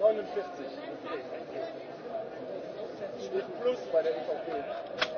49. Steht plus bei der EVP.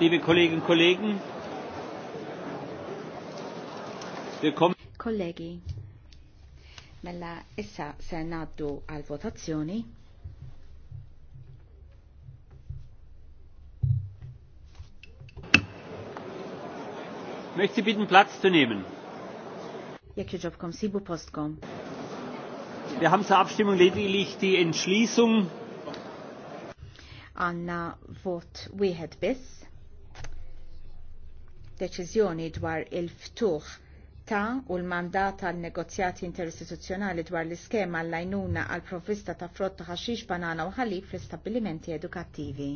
liebe Kolleginnen und Kollegen, willkommen. Kollegi, mella issa se naddu għal votazzjoni. Möchte Sie bitten, Platz zu nehmen? Wir haben zur Abstimmung lediglich die Entschließung. Għanna vot had biss deċiżjoni dwar il-ftuħ ta' u l-mandat għal negozjati interistituzzjonali dwar l-iskema l lajnuna għal provvista ta' frotta ħaxix banana u ħalib fl-istabbilimenti edukattivi.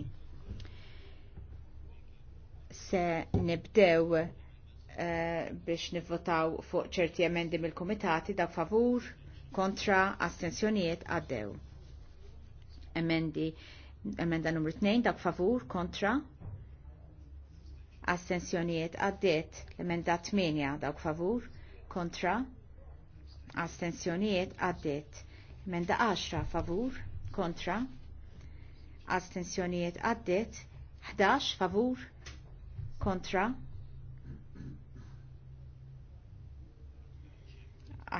Se nibdew uh, biex nivvotaw fuq ċerti emendi mill-komitati da' favur, kontra, astensjonijiet għaddew. Emendi, emenda numru 2 da' favur, kontra, astensjonijiet għaddiet l-emenda 8 dawk favur kontra astensjonijiet għaddiet emenda 10 favur kontra astensjonijiet għaddiet 11 favur kontra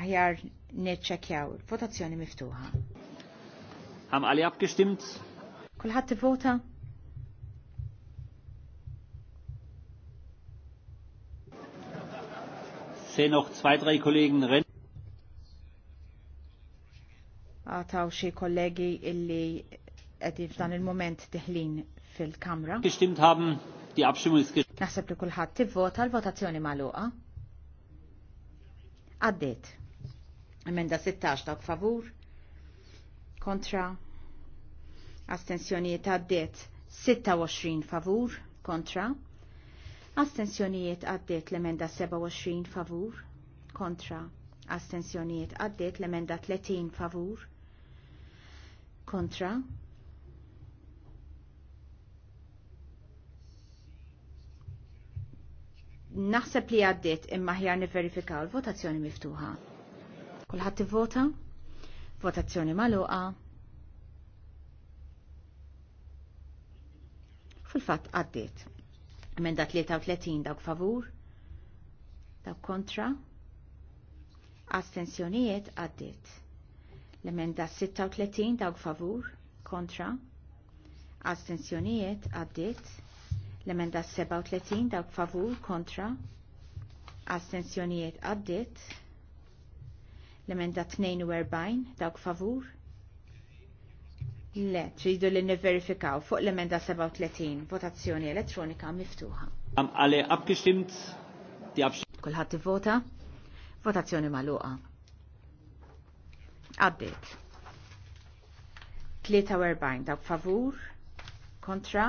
aħjar neċċekjaw. Votazzjoni miftuħa. Ham għali abgestimmt? Kulħadd ivvota? sehen noch zwei, drei Kollegen rennen. Għataw xie kollegi illi għedin f'dan il-moment diħlin fil-kamra. Gestimmt haben, die Abstimmung ist gestimmt. Naħseb li kullħat tivvota l-votazzjoni maluqa. Għaddit. Emenda 16 dak favur. Kontra. Astensjonijiet għaddit 26 favur. Kontra Astensjonijiet għaddiet l-emenda 27 favur kontra. Astensjonijiet għaddiet l-emenda 30 favur kontra. Naħseb li għaddiet imma ħjar niverifikaw l-votazzjoni miftuħa. Kulħadd vota? Votazzjoni magħluqa. Fil-fatt għaddiet. Emenda 33 dawk favur, dawk kontra, astensjonijiet għaddit. L-emenda 36 dawk favur, kontra, astensjonijiet għaddit. L-emenda 37 dawk favur, kontra, astensjonijiet għaddit. L-emenda 42 dawk favur, Le, tridu li niverifikaw fuq l-emenda 37, votazzjoni elettronika miftuħa. Am għale abkistimt, di abstimmt. Kulħat vota, votazzjoni maluqa. Għabbit. 43 dawk favur, kontra,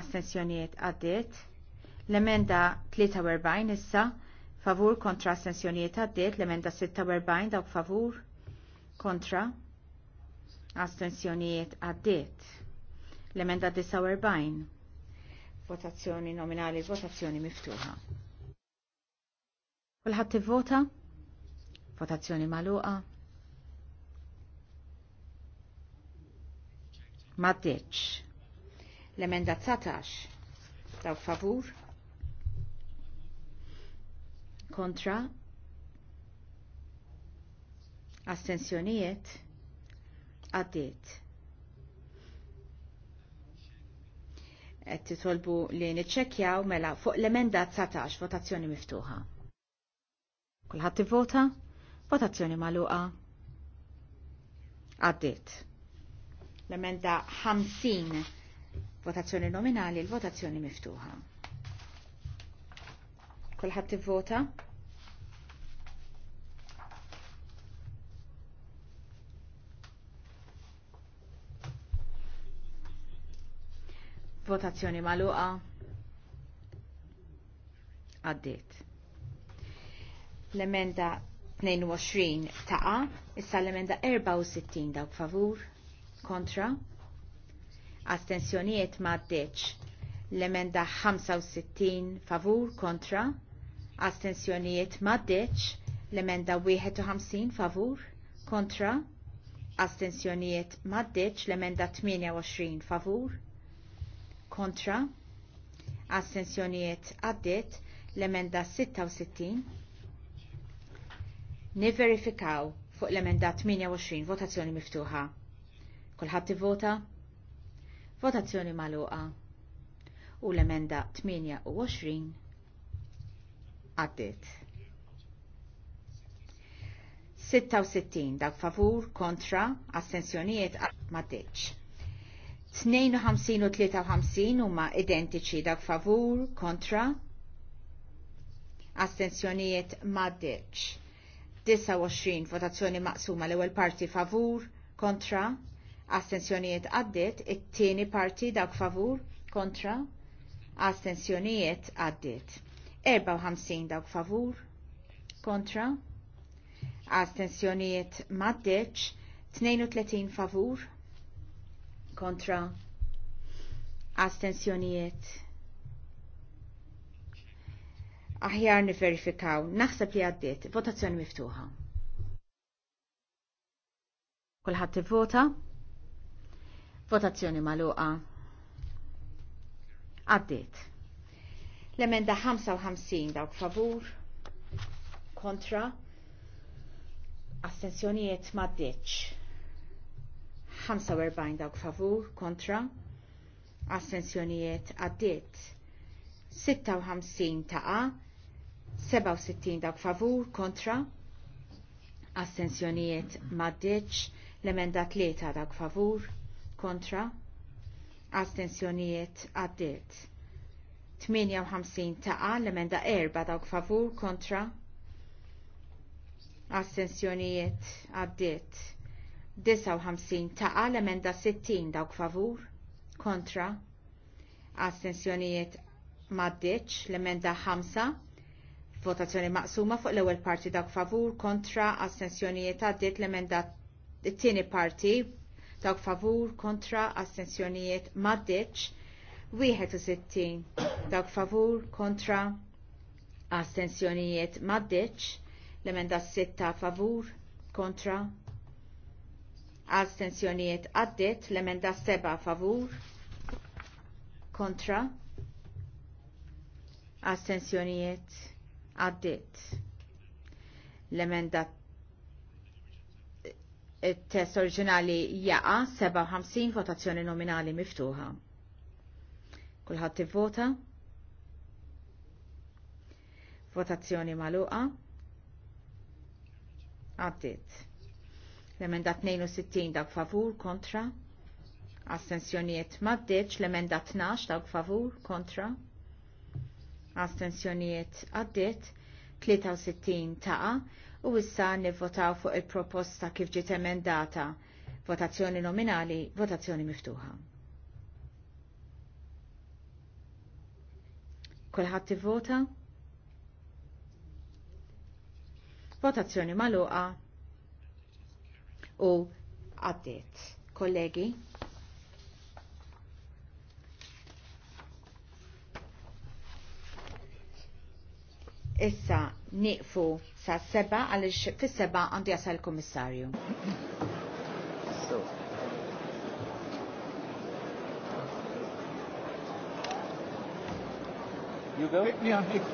astensjonijiet għaddit, l-emenda 43 issa, favur kontra astensjonijiet għaddit, l-emenda 46 dawk favur, kontra, astensjonijiet għaddiet. L-emenda 49, votazzjoni nominali, votazzjoni miftuħa. Kulħadd tivvota? Votazzjoni magħluqa. Maddeċ. L-emenda 19. Daw favur. Kontra. Astensjonijiet għaddiet. Qed titolbu li niċċekkjaw mela fuq l-emenda 19 votazzjoni miftuħa. Kulħadd ivvota? Votazzjoni magħluqa. Għaddiet. L-emenda 50 votazzjoni nominali, l-votazzjoni miftuħa. Kulħadd ivvota? Votazzjoni maluqa. għaddit. L-emenda 22 taqa, issa l-emenda 64 dawk favur, kontra, astensjonijiet ma għaddit. l-emenda 65 favur kontra, astensjonijiet għaddit. l-emenda 51 favur kontra, astensjonijiet għaddit. l-emenda 28 favur kontra assenzjonijiet għaddit l-emenda 66 niverifikaw fuq l-emenda 28 votazzjoni miftuħa kulħadd vota votazzjoni magħluqa u l-emenda 28 għaddit 66 dak favur kontra assenzjonijiet ma' 52 u 53 huma identiċi dak favur, kontra, astensjonijiet maddeċ. 29 votazzjoni maqsuma l-ewwel parti favur, kontra, astensjonijiet għaddiet, it-tieni parti dak favur, kontra, astensjonijiet għaddiet. 54 dak favur, kontra, astensjonijiet maddeċ, 32 favur, kontra astensjonijiet. Aħjar niferifikaw, naħseb li għaddiet, votazzjoni miftuħa. Kulħadd tivvota? Votazzjoni magħluqa. Għaddiet. L-emenda 55 dawk favur kontra astensjonijiet ma' 45 dawk favur kontra assenzjonijiet għaddiet 56 taqa 67 dawk favur kontra assenzjonijiet maddiċ l-emenda 3 dawk favur kontra astensjonijiet għaddiet 58 taqa l-emenda 4 dawk favur kontra astensjonijiet għaddiet 59 taqa l-emenda 60 dawk favur, kontra, astensjonijiet maddeċ l-emenda 5, votazzjoni maqsuma fuq l-ewwel parti dawk favur, kontra, astensjonijiet għaddit l-emenda t-tieni parti dawk favur, kontra, astensjonijiet maddeċ 61 dawk favur, kontra, astensjonijiet maddeċ l-emenda 6 favur, kontra, Astenzjoniet għaddit l-emenda seba' favur kontra Astenzjoniet għaddit l-emenda il-test oriġinali jaqa 57 votazzjoni nominali miftuħa. Kulħadd ivvota? Votazzjoni maluqa. Għaddit l-emenda 62 dak favur kontra, astensjonijiet maddeċ, l-emenda 12 dak favur kontra, Astensjoniet għaddit, 63 taqa, u issa nivvotaw fuq il-proposta kif ġiet emendata, votazzjoni nominali, votazzjoni miftuħa. Kulħadd ivvota? Votazzjoni maluqa u għaddiet. Kollegi, issa niqfu sa' seba għalix fis seba għandi jasal il-komissarju. So. You go? Yeah.